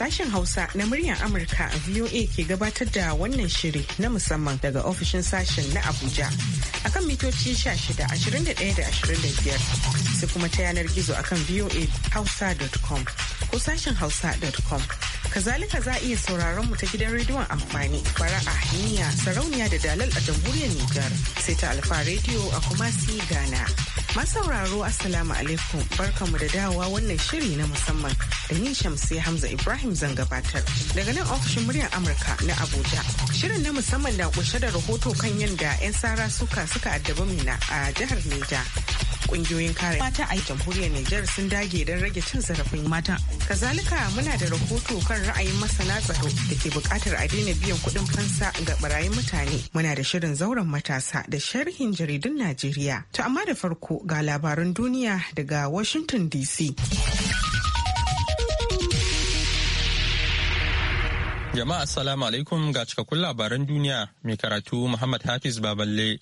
sashen Hausa na muryar Amurka VOA ke gabatar da wannan shiri na musamman daga ofishin sashen na Abuja. akan mitoci 16 21 da 25 sai kuma ta yanar gizo a kan akan voahausa.com ko sashen hausa.com kazalika za a iya sauraron mu ta gidan rediyon amfani fara'a niya sarauniya da dalal a jamhuriyar nijar sai ta alfa rediyo a kuma si ghana masauraro asalamu alaikum barkamu da dawowa wannan shiri na musamman da ni shamsi hamza ibrahim zan gabatar daga nan ofishin muryar amurka na abuja shirin na musamman na kunshe da rahoto kan yadda 'yan sara suka suka addaba mina a jihar Neja. Kungiyoyin kare mata a jamhuriyar Nijar sun dage don rage cin zarafin mata. Kazalika muna da rahoto kan ra'ayin masana tsaro da ke bukatar a daina biyan kuɗin fansa ga barayin mutane. Muna da shirin zauren matasa da sharhin jaridun Najeriya. ta amma da farko ga labaran duniya daga Washington DC. Jama'a assalamu alaikum ga cikakkun labaran duniya mai karatu Muhammad Hafiz Baballe.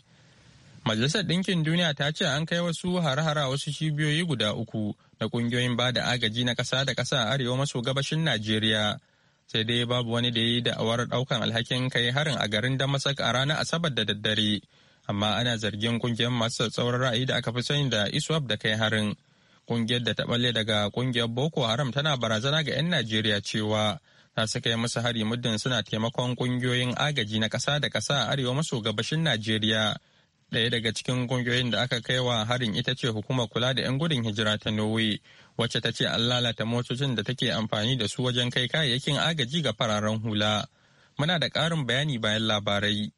Majalisar Ɗinkin Duniya ta ce an kai wasu hare-hare wasu cibiyoyi guda uku na ƙungiyoyin ba da agaji na ƙasa da ƙasa a arewa maso gabashin Najeriya. Sai dai babu wani da ya yi da'awar ɗaukan alhakin kai harin a garin Damasak a ranar Asabar da daddare. Amma ana zargin ƙungiyar masu tsauran ra'ayi da aka fi sani da ISWAP da kai harin. Ƙungiyar da ta ɓalle daga ƙungiyar Boko Haram tana barazana ga 'yan Najeriya cewa ta saka masu musu hari muddin suna taimakon ƙungiyoyin agaji na ƙasa da ƙasa a arewa maso gabashin Najeriya. Ɗaya daga cikin ƙungiyoyin da aka kai wa harin ita ce hukumar kula da 'yan gudun hijira ta Norway, wacce ta ce an lalata motocin da take amfani da su wajen kai kayayyakin agaji ga fararen hula. Muna da ƙarin bayani bayan labarai.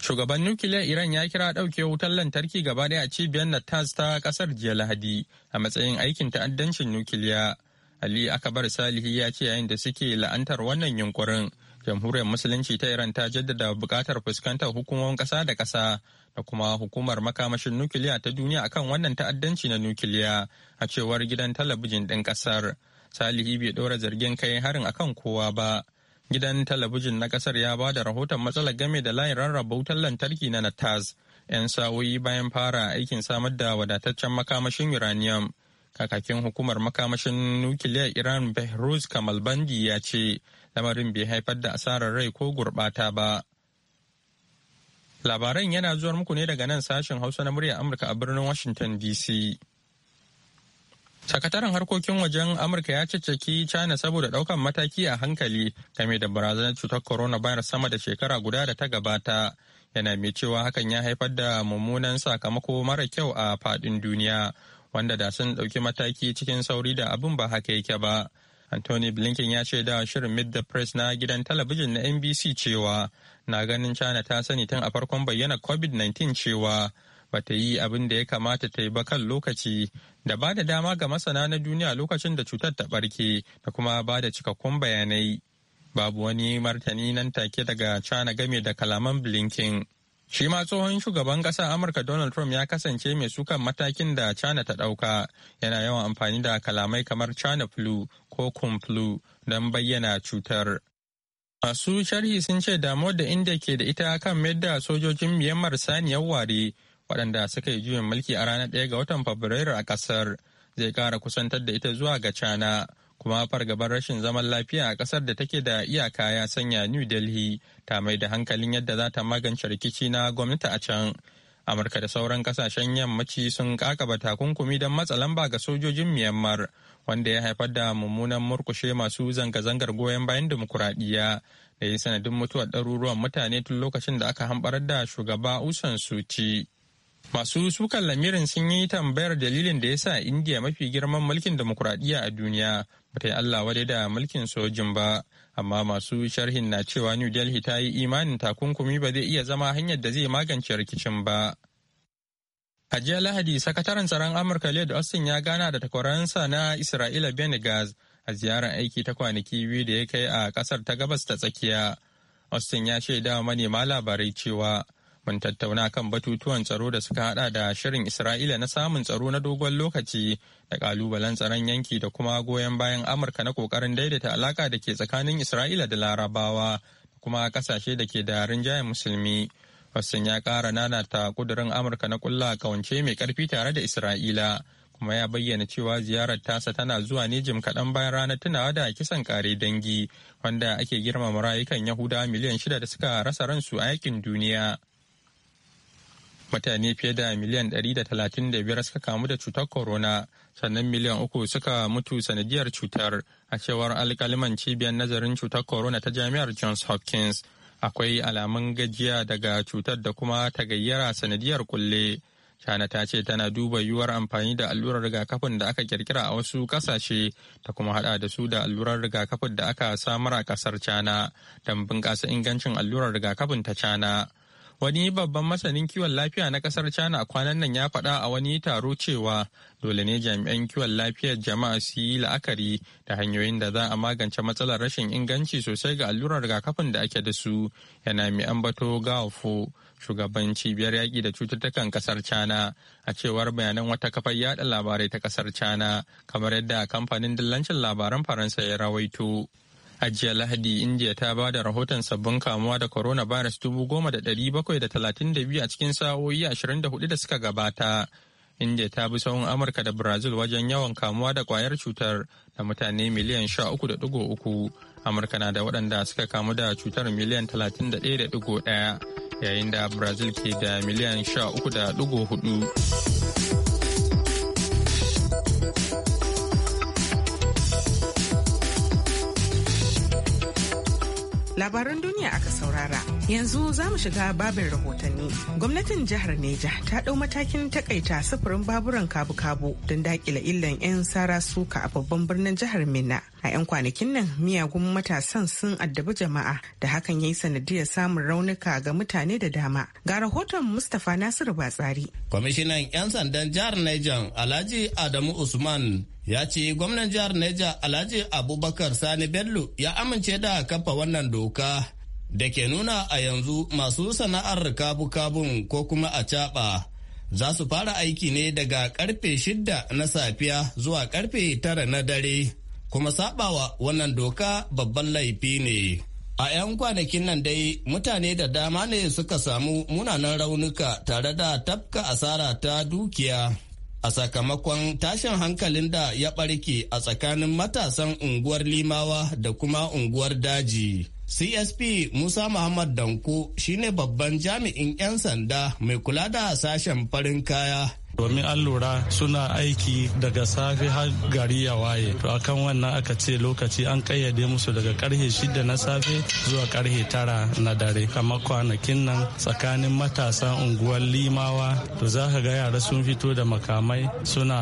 Shugaban nukiliyar Iran ya kira ɗauke wutar lantarki gaba ɗaya a cibiyar Natas ta ƙasar jiya Lahadi a matsayin aikin ta'addancin nukiliya. Ali Akabar Salihi ya ce yayin da suke la'antar wannan yunkurin jamhuriyar musulunci ta iran ta jaddada bukatar fuskantar hukumomin kasa da kasa da kuma hukumar makamashin nukiliya ta duniya akan wannan ta'addanci na nukiliya a cewar gidan talabijin ɗin ƙasar salihi bai ɗora zargin kai harin akan kowa ba gidan talabijin na ƙasar ya ba da rahoton matsalar game da layin rarraba wutar lantarki na natas 'yan sa'o'i bayan fara aikin samar da wadataccen makamashin uranium kakakin hukumar makamashin nukiliyar iran behruz bandi ya ce lamarin bai haifar da asarar rai ko gurɓata ba. Labaran yana zuwa muku ne daga nan sashen Hausa na murya Amurka a birnin Washington DC. Sakataren harkokin wajen Amurka ya caccaki China saboda ɗaukan mataki a hankali game da barazanar cutar corona coronavirus sama da shekara guda da ta gabata. Yana mai cewa hakan ya haifar da mummunan sakamako mara kyau a faɗin duniya, wanda da sun ɗauki mataki cikin sauri da abin ba haka yake ba. Anthony Blinken ya ce da shirin Meet the Press na gidan talabijin na NBC cewa na ganin China ta sani tun a farkon bayyana COVID-19 cewa ba ta yi abin da ya kamata ta yi ba kan lokaci da ba da dama ga masana na duniya lokacin da cutar ta barke da kuma ba da cikakkun bayanai. Babu wani martani nan take daga China game da kalaman Blinken. Shi ma tsohon shugaban ƙasar Amurka Donald Trump ya kasance mai sukan matakin da China ta ɗauka, yana yawan amfani da kalamai kamar China flu ko Kung flu don bayyana cutar. Masu sharhi sun ce damuwar da India ke da ita kan da sojojin Myanmar saniyar ware waɗanda suka yi juyin mulki a ranar 1 ga watan Fabrairu a ƙasar zai ƙara kusantar da ita zuwa ga China kuma fargabar rashin zaman lafiya a kasar da take da iyaka ya sanya new delhi ta mai da hankalin yadda za ta magance rikici na gwamnati a can amurka da sauran kasashen yammaci sun kakaba takunkumi don matsa lamba ga sojojin myanmar wanda ya haifar da mummunan murkushe masu zanga-zangar goyon bayan dimokuraɗiyya da ya sanadin mutuwar ɗaruruwan mutane tun lokacin da aka hambarar da shugaba usan suci Masu sukan lamirin sun yi tambayar dalilin da ya sa Indiya mafi girman mulkin demokuraɗiyya a duniya ba ta yi Allah wadai da mulkin sojin ba, amma masu sharhin na cewa New Delhi ta yi imanin takunkumi ba zai iya zama hanyar da zai magance rikicin ba. A jiya Lahadi, sakataren tsaron Amurka Lloyd Austin ya gana da takwaransa na Isra'ila Benegas gas a ziyarar aiki ta kwanaki biyu da ya kai a kasar ta gabas ta tsakiya. Austin ya shaida manema labarai cewa Mun tattauna kan batutuwan tsaro da suka hada da shirin Isra'ila na samun tsaro na dogon lokaci da kalubalen tsaron yanki da kuma goyon bayan Amurka na kokarin daidaita alaka da ke tsakanin Isra'ila da Larabawa da kuma kasashe da ke da rinjayen musulmi. Hassan ya kara nana ta kudurin Amurka na kulla kawance mai karfi tare da Isra'ila kuma ya bayyana cewa ziyarar tasa tana zuwa ne jim kaɗan bayan ranar tunawa da kisan kare dangi wanda ake girmama rayukan Yahuda miliyan shida da suka rasa ransu a yakin duniya. mutane fiye da miliyan 135 suka kamu da cutar corona sannan miliyan uku suka mutu sanadiyar cutar a cewar alkaliman cibiyar nazarin cutar corona ta jami'ar johns hopkins akwai alamun gajiya daga cutar da kuma tagayyara sanadiyar kulle China ta ce tana duba yiwuwar amfani da allurar rigakafin da aka kirkira a wasu kasashe ta kuma hada da su da allurar rigakafin da aka samar a kasar cana don bunƙasa ingancin allurar rigakafin ta cana. Wani babban masanin kiwon lafiya na kasar China a kwanan nan ya faɗa a wani taro cewa dole ne jami'an kiwon lafiyar jama'a su yi la'akari da hanyoyin da za a magance matsalar rashin inganci sosai ga allurar rigakafin da ake da su yana mai ambato gawafo shugaban cibiyar yaƙi da cututtukan kasar China a cewar bayanan wata kafar yada labarai ta kasar China kamar yadda kamfanin dillancin labaran Faransa ya rawaito. A jiya Lahadi, India ta ba da rahoton sabbin kamuwa da Corona virus dubu da da bakwai talatin da biyu a cikin sa'o'i ashirin da da suka gabata. India ta bi sahun Amurka da Brazil wajen yawan kamuwa da kwayar cutar da mutane miliyan 13.3. Amurka na da waɗanda suka kamu da cutar miliyan 31.1 yayin da Brazil ke da miliyan 13.4. Labaran duniya aka saurara. Yanzu za mu shiga babin rahotanni. Gwamnatin jihar Neja ta ɗau matakin takaita sufurin baburan kabu-kabu don dakila illan 'yan sara suka a babban birnin jihar Minna. a 'yan kwanakin nan miyagun matasan sun addabi jama'a da hakan ya yi sanadiyar samun raunuka ga mutane da dama ga rahoton mustapha nasiru batsari kwamishinan 'yan sandan jihar Nejan alhaji adamu usman ya ce gwamnan jihar Neja Alhaji Abubakar Sani Bello ya amince da kafa wannan doka da ke nuna a yanzu masu sana'ar kabu-kabun ko kuma a caɓa za su fara aiki ne daga karfe shida na safiya zuwa karfe tara na dare kuma sabawa wannan doka babban laifi ne. A 'yan kwanakin nan dai mutane da dama ne suka samu munanan raunuka tare da tafka asara ta dukiya. a sakamakon tashin hankalin da ya ɓarke a tsakanin matasan unguwar limawa da kuma unguwar daji. CSP Musa Muhammad Danko shine babban jami'in 'yan sanda mai kula da sashen farin kaya domin an lura suna aiki daga safe har gari ya waye to akan wannan aka ce lokaci an kayyade musu daga karhe shida na safe zuwa karhe tara na dare kamar kwanakin nan tsakanin matasan unguwar limawa to za ka ga yara sun fito da makamai suna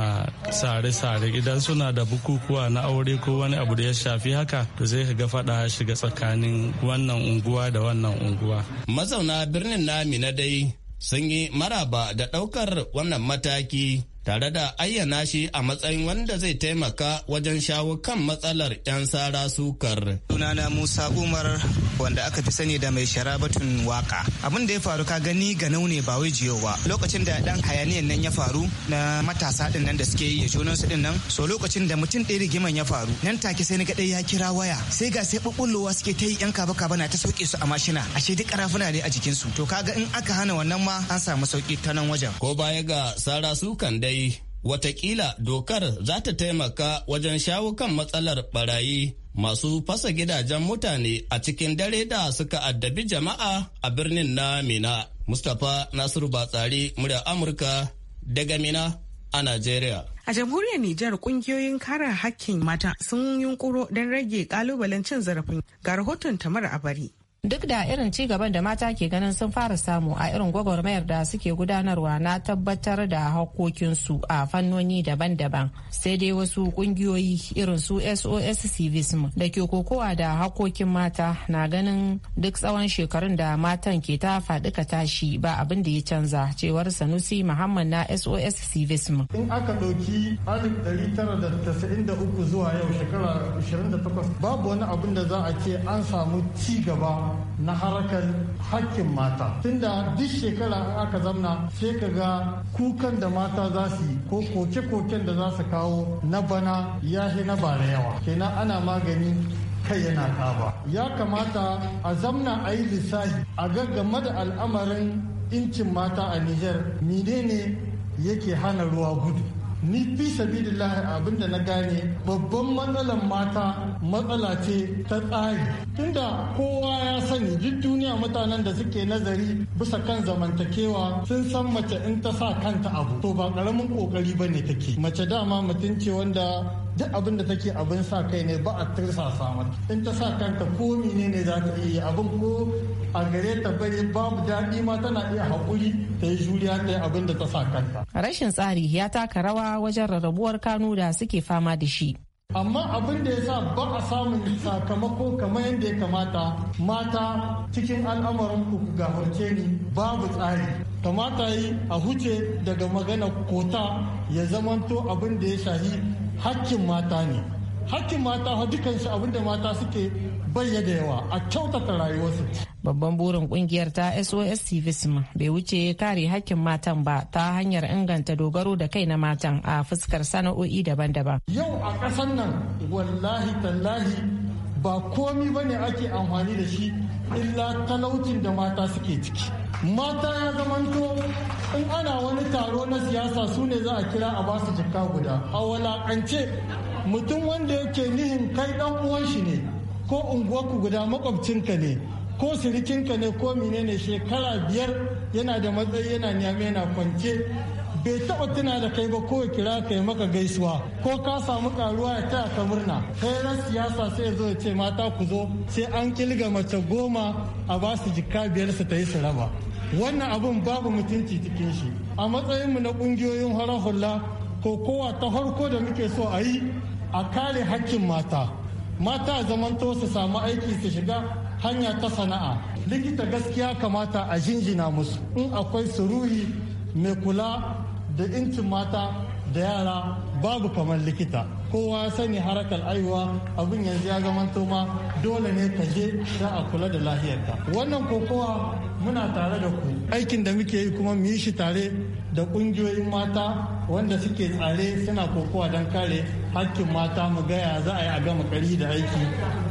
sare-sare idan suna da bukukuwa na aure ko wani abu da ya shafi haka to zai ka ga fada shiga tsakanin wannan unguwa da wannan unguwa mazauna birnin na dai sun yi maraba da ɗaukar wannan mataki tare da ayyana shi a matsayin wanda zai taimaka wajen shawo kan matsalar 'yan sara sukar. Sunana Musa Umar wanda aka fi sani da mai sharabatun waka. Abin da ya faru ka gani ga ne ba wai jiyo ba. Lokacin da dan hayaniyan nan ya faru na matasa din nan da suke yi junan su din nan. So lokacin da mutum ɗaya rigiman ya faru nan take sai na ga ya kira waya. Sai ga sai bubullowa suke ta yi 'yan kaba kaba na ta sauke su a mashina. Ashe duk karafuna ne a jikinsu. To kaga in aka hana wannan ma an samu sauki ta nan wajen. Ko baya ga sara sukan dai watakila dokar za ta taimaka wajen shawo kan matsalar barayi masu fasa gidajen mutane a cikin dare da suka addabi jama'a a birnin na Mina. Mustapha Nasiru Batsari, murya Amurka daga Mina a Najeriya. A jamhuriyar Nijar kungiyoyin kare hakkin mata sun yunkuro don rage ƙalubalen cin zarafin ga rahoton tamar abari. duk da irin ci gaban da mata ke ganin sun fara samu a irin gwagwarmayar da suke gudanarwa na tabbatar da hakokinsu a fannoni daban-daban sai dai wasu kungiyoyi irin su sos civism da ke kokowa da hakokin mata na ganin duk tsawon shekarun da matan ke ta faɗi tashi ba abin da ya canza cewar sanusi muhammad na sos civism in aka ɗauki zuwa yau shekara 28 babu wani abin da za a ce an samu ci gaba na harkar hakkin mata tunda duk shekara aka zamna sai ka ga kukan da mata za su yi ko koke-koken da za su kawo na bana ya na bara yawa kenan ana magani kai yana kaba ya kamata a zamna a yi lissafi a gaggama da al'amarin incin mata a Nijar menene yake hana ruwa gudu ni fi abin abinda na gane babban matsalan mata matsala ce ta tsari tunda kowa ya sani duk duniya mutanen da suke nazari bisa kan zamantakewa sun san mace in ta sa kanta abu to ba karamin kokari ne take mace dama mutum wanda duk abin da take abin sa kai ne ba a tursa samar in ta sa kanta ko ne ne za ta iya abin ko a gare ta bari babu daɗi ma tana iya haƙuri ta yi juriya ta yi abin da ta sa kanta. rashin tsari ya taka rawa wajen rarrabuwar kanu da suke fama da shi. amma abin da ya sa ba a samun sakamako kamar yadda ya kamata mata cikin al'amarin ku ga ni babu tsari kamata yi a huce daga magana kota ya zamanto abin da ya shahi hakkin mata ne hakkin mata fa dukansu abinda mata suke bayyana da yawa a kyautata rayuwarsu babban burin kungiyar ta sos civism bai wuce kare hakkin matan ba ta hanyar inganta dogaro da kai na matan a fuskar sana'o'i daban-daban yau a ƙasar nan wallahi tallahi ba komi ba ne ake amfani da shi illa talaucin da mata suke ciki mata ya zamanto in ana wani taro na siyasa su ne za a kira a ba su jikka guda a walakance mutum wanda yake nihin kai dan uwan shi ne ko unguwarku guda makwabcinka ne ko sirikinka ne ko menene shekara biyar yana da matsayi yana niyame yana kwance bai taɓa tuna da kai ba ko ya kira ka yi maka gaisuwa ko ka samu karuwa ya ta ka murna kai ran siyasa sai ya zo ya ce mata ku zo sai an kilga mace goma a ba su jikka biyar su ta yi su raba wannan abun babu mutunci cikin shi a matsayinmu na ƙungiyoyin horon hula ko kowa ta harko da muke so a yi a kare hakkin mata mata zaman zamanto su samu aiki su shiga hanya ta sana'a likita gaskiya kamata a jinjina musu in akwai suruhi mai kula da intin mata da yara babu kamar likita kowa sani harakar aiwa abin yanzu ya zama ma dole ne ka je za a kula da lahiyarka wannan kokowa muna tare da ku aikin da muke yi kuma mu yi shi tare da kungiyoyin mata wanda suke tsare suna kokowa don kare hakkin mata mu gaya za a yi a gama kari da aiki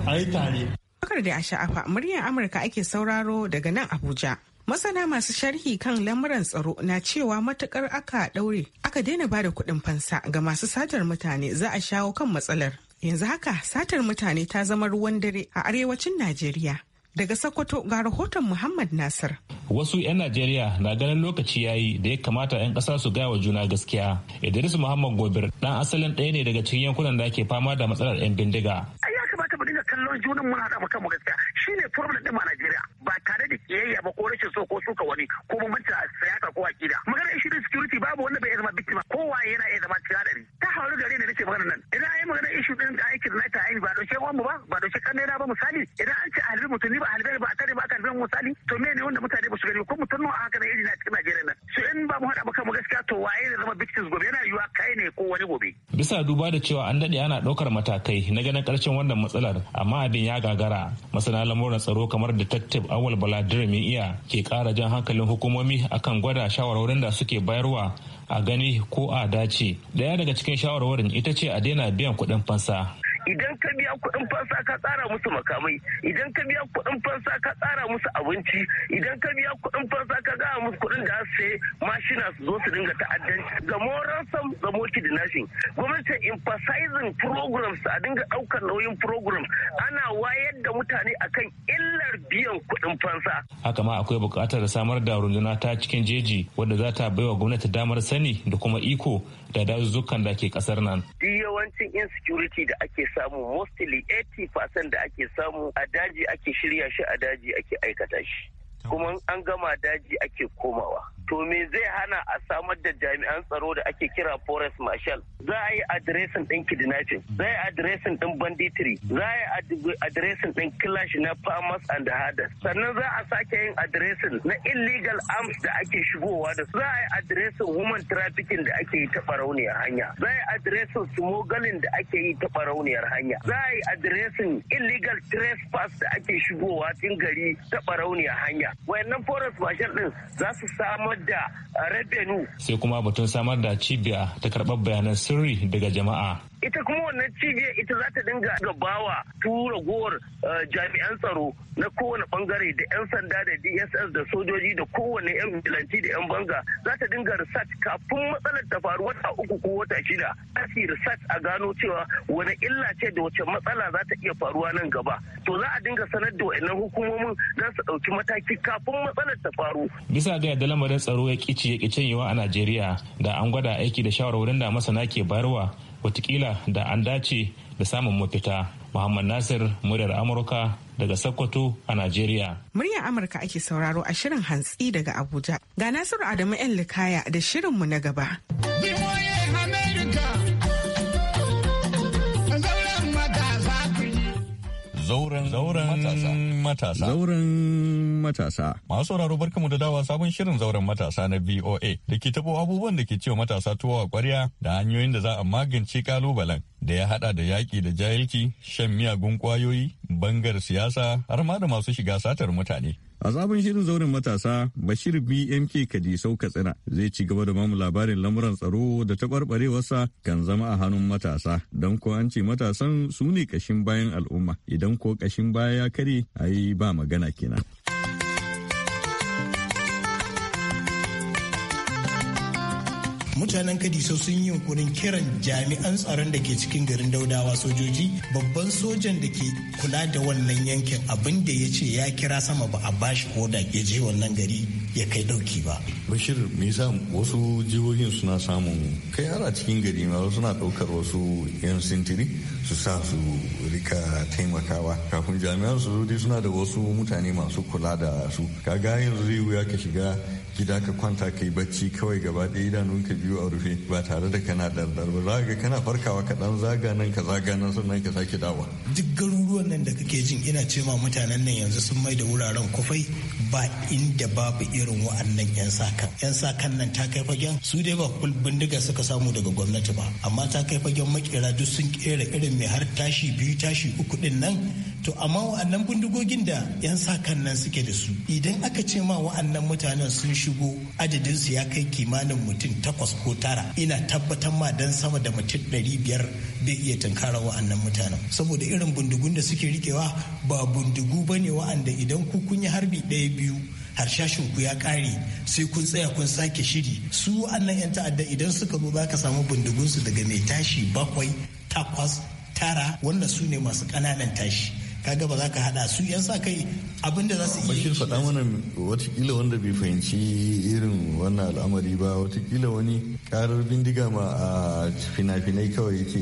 a yi tare. Bakar da a sha'afa muryar Amurka ake sauraro daga nan Abuja. Masana masu sharhi kan lamuran tsaro na cewa matukar aka daure aka daina bada kuɗin fansa ga masu satar mutane za a shawo kan matsalar. Yanzu haka satar mutane ta zama ruwan dare a arewacin Najeriya. Daga Sokoto ga rahoton Muhammad Nasir. Wasu 'yan Najeriya na ganin lokaci yayi da ya kamata 'yan ƙasa su gaya wa juna gaskiya. Idris Muhammad Gobir dan asalin ɗaya ne daga cikin yankunan da ke fama da matsalar 'yan bindiga. matsalolin junan muna haɗa kan gaskiya shi ne problem din ma Najeriya ba tare da kiyayya ba ko rashin so ko suka wani ko bambanci a siyasa ko akida magana ishirin security babu wanda bai zama victim kowa yana iya zama cikin ta hauri gare ne nake magana nan idan ai magana issue din da aikin na ra'ayi ba dauke mu ba ba dauke kanne na ba misali idan an ce halin mutum ni ba halin ba a tare ba aka halin misali to me ne wanda mutane ba su gani ko mutum nawa haka irin na cikin Najeriya nan so in ba mu hada ba mu gaskiya to waye ne zama victims gobe yana yiwa kai ne ko wani gobe bisa duba da cewa an dade ana daukar matakai na ganin karshen wannan matsalar amma abin ya gagara masana lamuran tsaro kamar detective Awal Baladir iya ke kara jan hankalin hukumomi akan gwada shawarwarin da suke bayarwa a gani ko a dace daya daga cikin shawarwarin ita ce a daina biyan kuɗin fansa idan ka biya kuɗin fansa ka tsara musu makamai idan ka biya kuɗin fansa ka tsara musu abinci idan ka biya kuɗin fansa ka gaya musu kuɗin da su sayi mashina su zo su dinga ta'addanci ga moral sam ga dinashin gwamnati emphasizing programs a dinga ɗaukar nauyin programs ana wayar da mutane akan illar biyan kuɗin fansa haka ma akwai buƙatar samar da runduna ta cikin jeji wadda za ta baiwa gwamnati damar sani da kuma iko da dazuzzukan da ke kasar nan. Duk yawancin insecurity da ake samu mostly 80% da ake samu a daji ake shirya shi a daji ake aikata shi. Kuma an gama daji ake komawa. to me zai hana a samar da jami'an tsaro da ake kira forest marshal za a yi adiresin ɗin kidnapping za a yi adiresin ɗin banditry za a yi adiresin ɗin clash na farmers and herders sannan za a sake yin adiresin na illegal arms da ake shigowa da su. za a yi adiresin human trafficking da ake yi ta farauniyar hanya za a yi adiresin smuggling da ake yi ta farauniyar hanya za a yi adiresin illegal trespass da ake shigowa cikin gari ta farauniyar hanya wayannan forest marshal ɗin za su samar da revenue. Sai kuma batun samar da cibiya ta karɓar bayanan sirri daga jama'a ita kuma wannan cibiyar ita za ta dinga gabawa tura gowar eh, jami'an tsaro na kowane bangare da 'yan sanda da dss da sojoji da kowane 'yan bilanci da 'yan banga za ta dinga research kafin matsalar ta faru wata uku ko wata shida za su research a gano cewa wani illa ce da wace matsala za ta iya faruwa nan gaba to za a dinga sanar da wa'inan hukumomin za su ɗauki mataki kafin matsalar ta faru. bisa ga yadda lamarin tsaro ya kici ya yiwa a najeriya da an gwada aiki da shawarwarin da masana ke bayarwa watakila da an dace da samun mafita muhammad nasir muryar amurka daga sokoto a najeriya muryar amurka ake sauraro a shirin hantsi daga abuja ga nasiru adamu yan likaya da shirinmu na gaba. Yeah! zauren matasa. Zauren matasa. Masu sauraro barkamu da dawa sabon shirin zauren matasa na VOA da ke tabo abubuwan da ke cewa matasa tuwa kwarya da hanyoyin da za a magance kalubalen. da ya hada da yaƙi da jahilci shan miyagun kwayoyi, bangar siyasa har ma da masu shiga satar mutane a sabon shirin zauren matasa bashir bmk kadisau katsina zai ci gaba da mamu labarin lamuran tsaro da taɓarɓarewarsa kan zama a hannun matasa don ko an ce matasan su ne ƙashin bayan al'umma idan ko ƙashin baya ya karye, ai ba magana kenan mutanen kadiso sun yi yunkurin kiran jami'an tsaron da ke cikin garin daudawa sojoji babban sojan da ke kula da wannan yankin abin da ya ce ya kira sama ba a bashi ko da ya je wannan gari ya kai dauki ba bashir me yasa wasu jihohin suna samun kai har a cikin gari ma wasu na daukar wasu yan sintiri su sa su rika taimakawa kafin jami'an su suna da wasu mutane masu kula da su kaga yanzu zai wuya ka shiga gida ka kwanta ka yi bacci kawai gaba ɗaya idanunka biyu a rufe ba tare da kana dardar ba za ka kana farkawa ka dan zaga nan ka zaga nan sannan ka sake dawa duk garuruwan nan da kake jin ina ce ma mutanen nan yanzu sun mai da wuraren kufai ba inda babu irin wa'annan yan sakan yan sakan nan ta kai fagen su dai ba bindiga suka samu daga gwamnati ba amma ta kai fagen makera duk sun kera irin mai har tashi biyu tashi uku din nan to amma wa'annan bindigogin da 'yan sa kan nan suke da su idan aka ce ma wa'annan mutanen sun shigo adadin ya kai kimanin mutum takwas ko tara ina tabbatar ma dan sama da mutum ɗari biyar bai iya tunkara wa'annan mutanen saboda irin bindigun da suke rikewa ba bindigu ba ne wa'anda idan ku kun yi harbi ɗaya biyu harshashin ku ya kare sai kun tsaya kun sake shiri su wa'annan 'yan ta'adda idan suka zo za ka samu bindigunsu daga mai tashi bakwai takwas tara wannan su ne masu ƙananan tashi kaga ba za ka hada su yan sa kai abinda za su iya faɗa mana watakila wanda bai fahimci irin wannan al'amari ba watakila wani karar bindiga ma a fina-finai kawai yake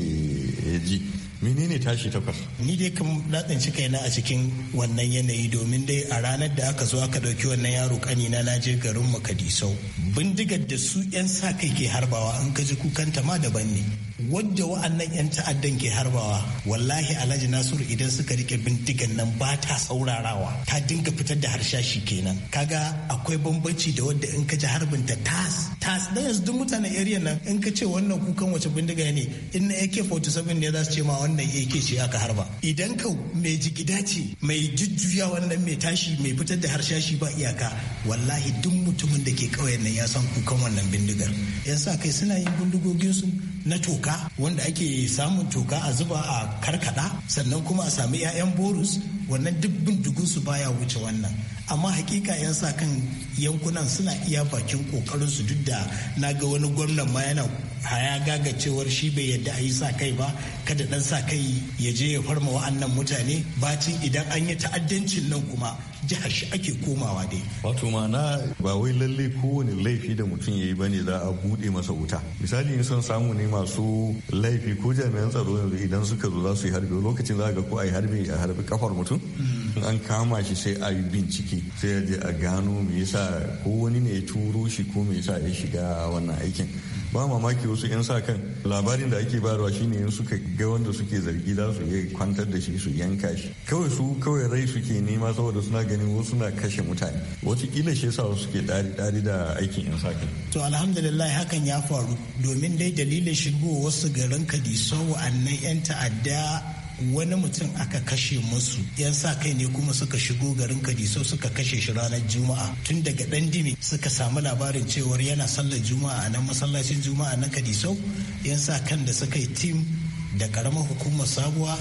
ji menene tashi takwas ni dai kan na cika kaina a cikin wannan yanayi domin dai a ranar da aka zo aka ɗauki wannan yaro kanina na je garin makadisau bindigar da su 'yan sa kai ke harbawa an ka ji kukan ma daban ne wadda wa'annan 'yan ta'addan ke harbawa wallahi alhaji nasiru idan suka rike bindigan nan ba ta saurarawa ta dinga fitar da harshashi kenan kaga akwai bambanci da wadda in ka ji harbin ta tas tas da yanzu duk mutanen area nan in ka ce wannan kukan wace bindiga ne in na AK47 ne za su ce ma wannan AK ce aka harba idan ka mai jigida ce mai jujjuya wannan mai tashi mai fitar da harshashi ba iyaka wallahi duk mutumin da ke kauyen nan ya san kukan wannan bindigar yasa kai suna yin bindigogin su na toka wanda ake samun toka a zuba a karkada sannan kuma a sami 'ya'yan borus wannan duk su baya wuce wannan amma hakika yan sa kan yankunan suna iya bakin kokarin su duk da na ga wani gwamnan ma yana haya gaga cewar shi bai yadda a yi sa kai ba kada dan sa kai ya je ya farma wa'annan mutane bacin idan an yi ta'addancin nan kuma jihar shi ake komawa dai. Wato ma'ana ba wai lalle kowane laifi da mutum ya yi ba ne za a buɗe masa wuta. Misali in son samu ne masu laifi ko jami'an tsaro idan suka zo za su yi harbi lokacin za ga ko a yi harbi a harbi kafar mutum. in An kama shi sai a yi bincike sai a je a gano me yasa ko wani ne ya turo shi ko me yasa ya shiga wannan aikin. ba mamaki wasu 'yan sa kan labarin da ake bayarwa shine in suka ga wanda suke zargi za su iya kwantar da shi su yanka shi kawai su kawai rai suke nema saboda suna ganin wasu na kashe mutane watakila shi yasa wasu suke dari dari da aikin 'yan sa kan. to alhamdulillah hakan ya faru domin dai dalilin shigo wasu garin kadisau annan 'yan ta'adda wani mutum aka kashe musu yan sa kai ne kuma suka shigo garin kadiso suka kashe shi ranar juma'a tun daga dan dimi suka samu labarin cewar yana sallar juma'a a nan masallacin juma'a na kadiso yan sa kan da suka yi tim da karamar hukumar sabuwa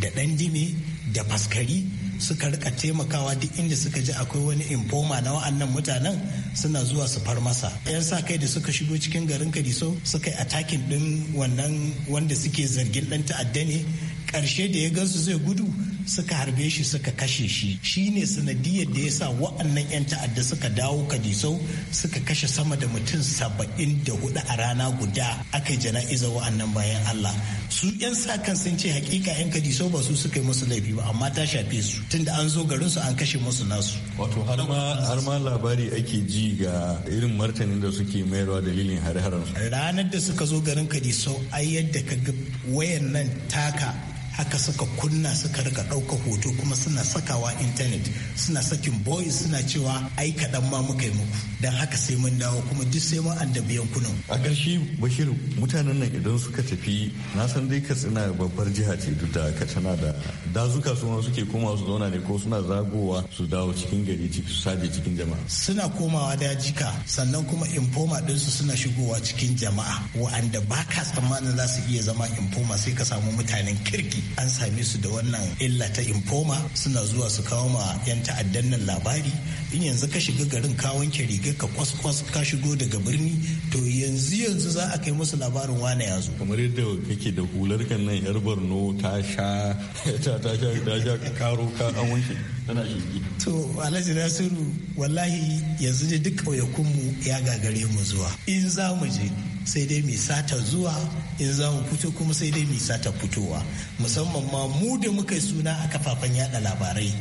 da dan dimi da faskari suka rika taimakawa duk inda suka ji akwai wani infoma na wa'annan mutanen suna zuwa su far masa yan sa kai da suka shigo cikin garin kadiso suka yi atakin din wannan wanda suke zargin dan ta'adda ne Karshe da ya gansu zai gudu suka harbe shi suka kashe shi shi ne sanadiyar da ya sa wa'annan 'yan ta'adda suka dawo kadisau suka kashe sama da mutum saba'in da hudu a rana guda aka yi jana'izar wa'annan bayan Allah su 'yan sa kan sun ce hakika 'yan kadisau ba su suka yi musu laifi ba amma ta shafe su tunda an zo garin su an kashe musu nasu wato har ma labari ake ji ga irin martanin da suke mayarwa dalilin hare-haren ranar da suka zo garin kadisau ai yadda ka ga wayannan taka haka suka kunna suka rika ɗauka hoto kuma suna sakawa intanet suna sakin boys suna cewa ai kaɗan ma muka yi muku don haka sai mun dawo kuma duk sai mun addabi yankunan. a ƙarshe bashir mutanen nan idan suka tafi na san dai katsina babbar jiha ce duk da haka tana da dazuka su ma suke komawa su zauna ne ko suna zagowa su dawo cikin gari ciki su saje cikin jama'a. suna komawa dajika sannan kuma infoma ɗinsu suna shigowa cikin jama'a wa'anda ba ka tsammanin za su iya zama infoma sai ka samu mutanen kirki an same su da wannan illa ta infoma suna zuwa su kawo ma 'yan ta'addan nan labari in yanzu ka shiga garin ka wanke riga ka kwaskwas ka shigo daga birni to yanzu yanzu za a kai musu labarin wane ya zo kamar yadda kake da hular kan nan yar borno ta sha ta sha ta sha karo ka an wanke tana shigi to alhaji nasiru wallahi yanzu ne duk kauyakunmu ya gagare mu zuwa in za mu je sai dai mai sata zuwa in za mu fito kuma sai dai mai sata fitowa musamman ma mu da muka yi suna a kafafen yada labarai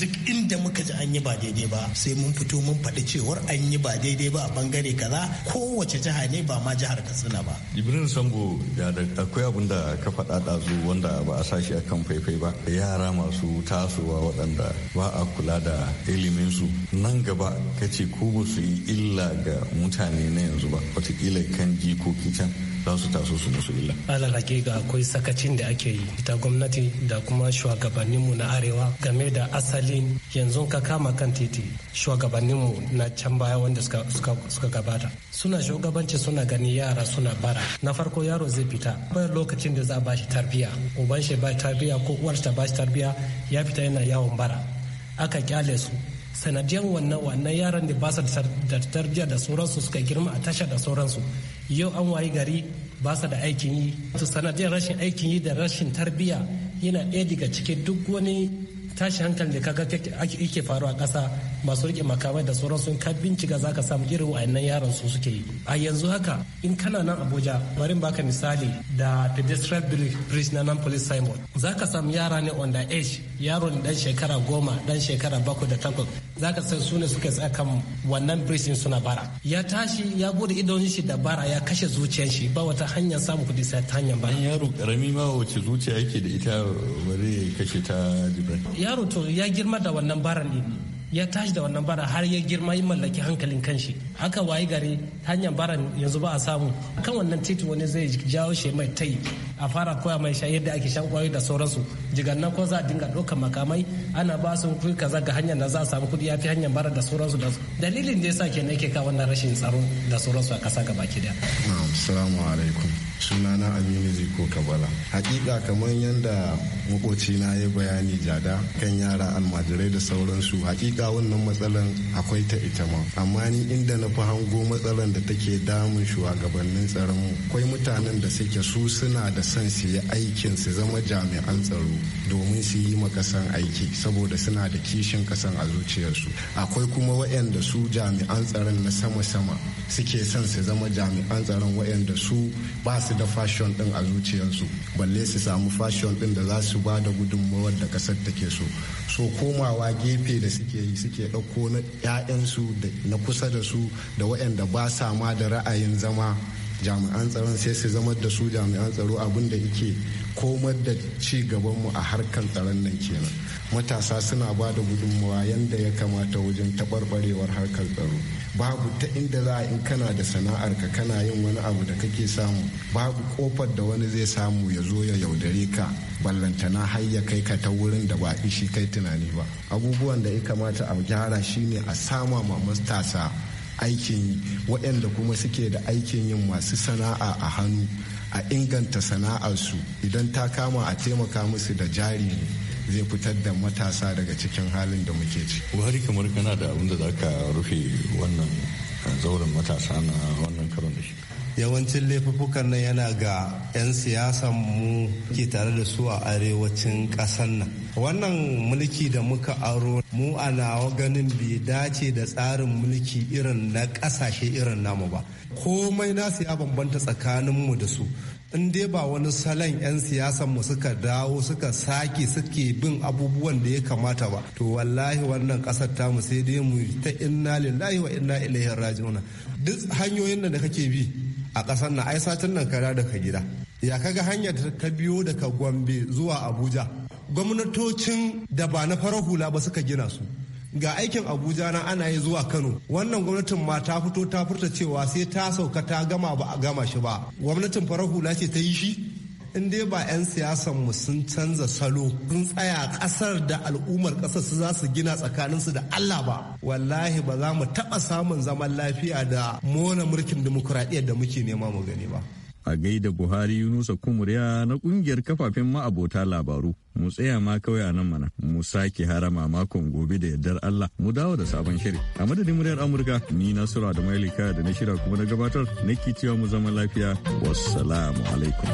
duk inda muka ji an yi ba daidai ba sai mun fito mun faɗi cewar an yi ba daidai ba a bangare kaza kowace jiha ne ba ma jihar katsina ba ibrahim sango ya da akwai abin da ka faɗa ɗazu wanda ba a sashi kan faifai ba yara masu tasowa waɗanda ba a kula da su. nan gaba ka ce ko ba su yi illa ga mutane na yanzu ba watakila kan jikoki can za su taso su musu illa. alal hakika akwai sakacin da ake yi ita gwamnati da kuma shugabanninmu na arewa game da asalin yanzu ka kama kan titi shugabanninmu na can baya wanda suka gabata suna shugabanci suna gani yara suna bara na farko yaro zai fita bayan lokacin da za a bashi tarbiya uban shi ba tarbiya ko uwar ta bashi tarbiya ya fita yana yawon bara aka kyale su sanadiyan wannan wannan yaran da ba su da tarbiyya da sauransu suka girma a tasha da sauransu yau an wayi gari ba su da aikin yi to sanadiyan rashin aikin yi da rashin tarbiyya yana ɗaya daga cikin duk wani tashi hankali da kaga ake faruwa ƙasa masu rike makamai da sauran sun ka bincika za ka samu irin wa'annan yaran su suke yi a yanzu haka in kana nan abuja bari baka misali da pedestrian bridge na nan police simon za ka samu yara ne on the age yaro ne dan shekara goma dan shekara bakwai da takwas za ka san su ne suka tsaya kan wannan bridge suna bara ya tashi ya bude idon shi da bara ya kashe zuciyar shi ba wata hanyar samun kuɗi sai ta hanyar bara yaro karami ma wace zuciya yake da ita bare kashe ta yaro to ya girma da wannan baran din ya tashi da wannan bara har ya girma ya mallaki hankalin kanshi haka wayi gari hanyar baran yanzu ba a samu kan wannan titi wani zai jawo shi mai tai a fara koya mai sha yadda ake shan kwayoyi da sauransu nan ko za a dinga ɗaukar makamai ana ba su kuɗi kaza ga hanyar da za a samu kuɗi ya fi hanyar bara da sauransu da dalilin da ya sa kenan yake kawo wannan rashin tsaro da sauransu a ƙasa gabaki daya. salamu alaikum sunana Aminu Ziko Kabala. hakika kamar yadda makocina ya bayani jada kan yara almajirai da sauransu hakika wannan matsalan akwai ta ita ma amma ni inda na fi hango matsalan da take damun shugabannin tsaron akwai mutanen da suke su suna da son su yi aikin su zama jami'an tsaro domin su yi makasan aiki saboda suna da kishin kasan a zuciyarsu akwai kuma wayanda su jami'an tsaron na sama-sama suke son su zama jami'an tsaron wayanda su ba su da fashon ɗin a zuciyarsu balle su samu fashion din da za su ba da gudunmawar da kasar take so so komawa gefe da suke yi suke ɗauko na 'ya'yansu na kusa da su da waɗanda ba sa ma da ra'ayin zama jami'an tsaron sai su zama da su jami'an tsaro abin da yake komar da ci gabanmu a harkar tsaron nan kenan matasa suna ba da gudunmawa yadda ya kamata wajen taɓarɓarewar harkar tsaro babu ta inda za a in kana da sana'ar ka kana yin wani abu da kake samu babu kofar da wani zai samu ya zo ya yaudare ka ballantana har ya kai ka ta wurin da ba shi kai tunani ba abubuwan da ya kamata a gyara shine a sama ma matasa aikin yi waɗanda kuma suke da aikin yin masu sana'a a hannu a inganta sana'arsu idan ta kama a taimaka musu da jari ne zai fitar da matasa daga cikin halin da muke ci. buhari kamar kana da abinda za ka rufe wannan eh, zauren matasa na wannan karon da shi yawancin laifuffukan nan yana ga 'yan siyasan mu ke tare da su a arewacin ƙasar nan wannan mulki da muka aro mu a ganin bai dace da tsarin mulki irin na ƙasashe irin namu ba komai na ya bambanta tsakaninmu da su in dai ba wani salon 'yan siyasan mu suka dawo suka sake suke bin abubuwan da ya kamata ba to wallahi wannan kasar mu sai dai mu ta inna lillahi wa inna ilaihi raji'un duk hanyoyin da kake bi a kasar nan ai satin nan kara daga gida ya kaga hanyar ta biyo daga gombe zuwa abuja gwamnatocin da ba na farar hula ba suka gina su ga aikin abuja na ana yi zuwa kano wannan gwamnatin ma ta fito ta furta cewa sai ta sauka ta gama ba a gama shi ba gwamnatin farar hula ce ta yi shi in dai ba 'yan siyasan mu sun canza salo sun tsaya kasar da al'ummar kasar su za su gina tsakaninsu da Allah ba wallahi ba za mu taɓa samun zaman lafiya da mona mulkin dimokuraɗiyyar da muke nema mu gani ba a gaida buhari yunusa kumuriya na kungiyar kafafen ma'abota labaru mu tsaya ma kawai a nan mana mu sake harama makon gobe da yardar allah mu dawo da sabon shiri a madadin muryar amurka ni nasura da mailika da na shira kuma na gabatar na cewa mu zama lafiya wassalamu alaikum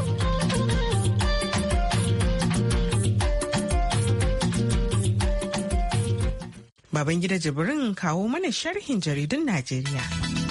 babangida Jibrin kawo mana sharhin jaridun Najeriya.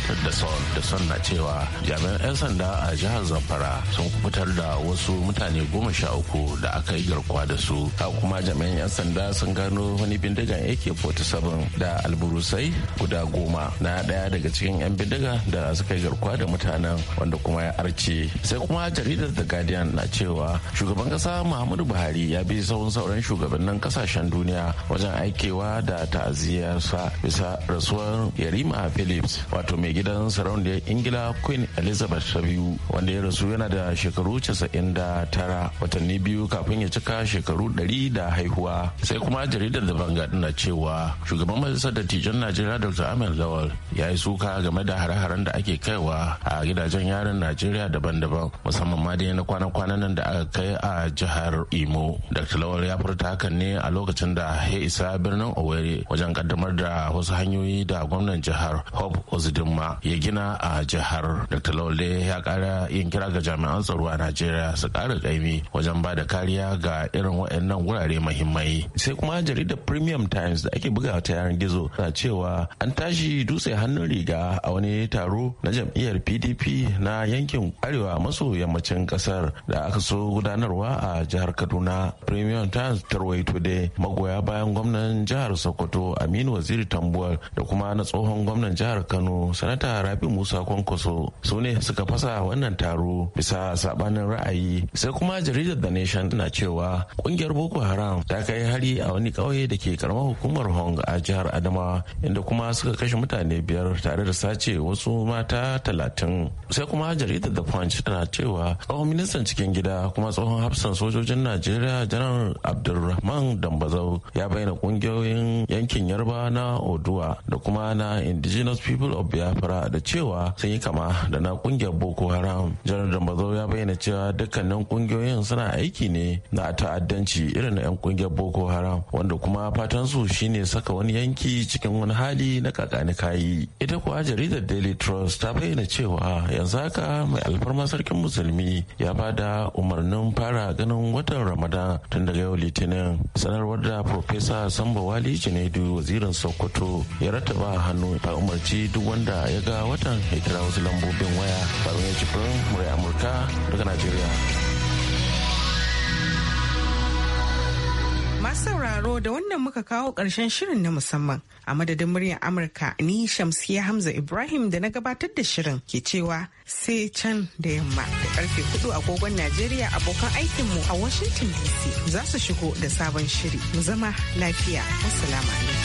peter da son da son na cewa jami'an 'yan sanda a jihar zamfara sun fitar da wasu mutane goma sha uku da aka yi garkuwa da su kuma jami'an 'yan sanda sun gano wani bindigan ak-47 da alburusai guda goma na daya daga cikin 'yan bindiga da suka yi garkuwa da mutanen wanda kuma ya arce sai kuma jaridar the guardian na cewa shugaban kasa muhammadu buhari ya bi sauran sauran shugabannin kasashen duniya wajen aikewa da ta'aziyarsa bisa rasuwar yarima phillips wato mai mai gidan sarauniyar ingila queen elizabeth ta biyu wanda ya rasu yana da shekaru 99 watanni biyu kafin ya cika shekaru 100 da haihuwa sai kuma jaridar da banga na cewa shugaban majalisar dattijan najeriya dr ahmed lawal ya yi suka game da hare-haren da ake kaiwa a gidajen yarin najeriya daban-daban musamman ma dai na kwana-kwanan nan da aka kai a jihar imo dr lawal ya furta hakan ne a lokacin da ya isa birnin owerri wajen kaddamar da wasu hanyoyi da gwamnan jihar hope ozidin kuma ya gina a jihar dr laule ya kara yin kira ga jami'an tsaro a najeriya su kara kaimi wajen ba da kariya ga irin waɗannan wurare mahimmai sai kuma jaridar premium times da ake buga ta yanar gizo na cewa an tashi dutse hannun riga a wani taro na jam'iyyar pdp na yankin arewa maso yammacin kasar da aka so gudanarwa a jihar kaduna premium times tarwaito da magoya bayan gwamnan jihar sokoto aminu waziri tambuwal da kuma na tsohon gwamnan jihar kano sanata rabi musa kwankwaso su ne suka fasa wannan taro bisa sabanin ra'ayi sai kuma jaridar the nation na cewa kungiyar boko haram ta kai hari a wani kauye da ke karamar hukumar hong a jihar adama inda kuma suka kashe mutane biyar tare da sace wasu mata talatin sai kuma jaridar the punch tana cewa tsohon ministan cikin gida kuma tsohon hafsan sojojin najeriya janar abdulrahman dambazau ya bayyana kungiyoyin yankin yarba na oduwa da kuma na indigenous people of biafra zamfara da cewa sun yi kama da na kungiyar boko haram janar mazo ya bayyana cewa dukkanin kungiyoyin suna aiki ne na ta'addanci irin na 'yan kungiyar boko haram wanda kuma fatan su shine saka wani yanki cikin wani hali na kakani kayi ita kuwa jaridar daily trust ta bayyana cewa yanzu haka mai alfarma sarkin musulmi ya bada umarnin fara ganin watan ramadan tun daga yau litinin sanarwar da profesa sambo wali junaidu wazirin sokoto ya rattaba hannu ta umarci duk wanda ya ga watan ya kira wasu lambobin waya baron ya fara murai amurka daga najeriya masu sauraro da wannan muka kawo ƙarshen shirin na musamman a madadin muryar amurka ni shamsiya hamza ibrahim da na gabatar da shirin ke cewa sai can da yamma da karfe hudu agogon najeriya abokan aikinmu a washington dc za su shigo da sabon shiri mu zama lafiya wasu alaikum